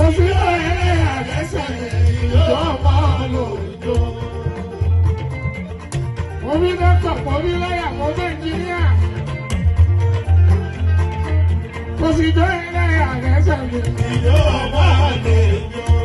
Sọ́sí ọ̀rẹ́ àgẹ́sẹ̀ ìjọba lòjó. Mo bí dọ́kítọ̀, mo bí lọ́yà, mo bí ẹnjíníà. Sọ́sí ọ̀rẹ́ àgẹ́sẹ̀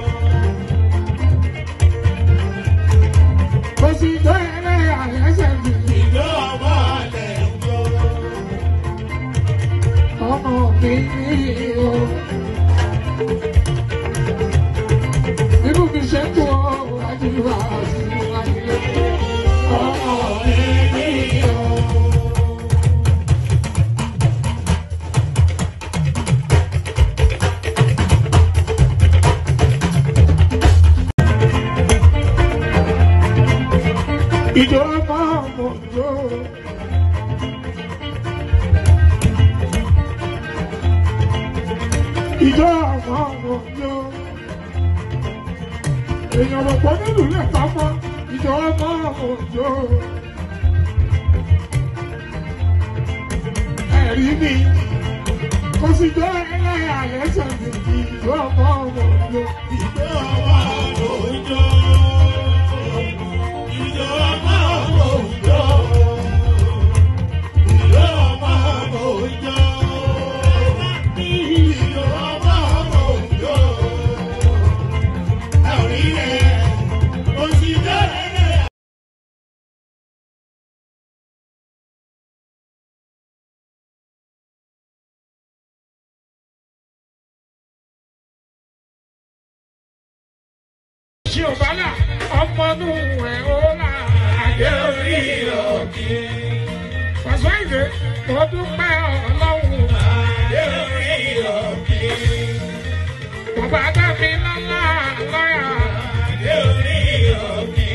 Ida, mama, you. èèyàn ọ̀pọ̀ nínú ilé ìpamọ́ ìjọba máa mọ̀ jọ. ẹ̀rí mi kò sì jẹ́ ẹlẹ́yà lẹ́sẹ̀ mi ìjọba máa mọ̀ jọ. ò bá là ọmọ inú ẹ̀ ó là àdé orí òkè. Pàṣẹ ìdè mo dúpẹ́ ọlọ́run. Àdé orí òkè. Bàbá dá mi lọ́lá lọ́yà. Àdé orí òkè.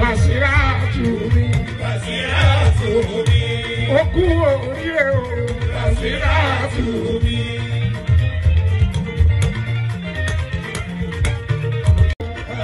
Bàṣírà tù mí. Bàṣírà tù mí. Ó kú oríire o. Bàṣírà tù mí.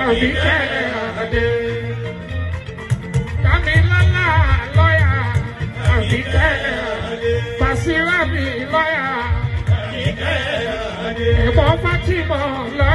àbíkẹ́ ọ̀dẹ. Dámilọ́lá lọ́yà àbíkẹ́ ọ̀dẹ. Pàṣírábì lọ́yà àbíkẹ́ ọ̀dẹ. Ẹ̀bọ́n Fátímọ̀ lọ́yà.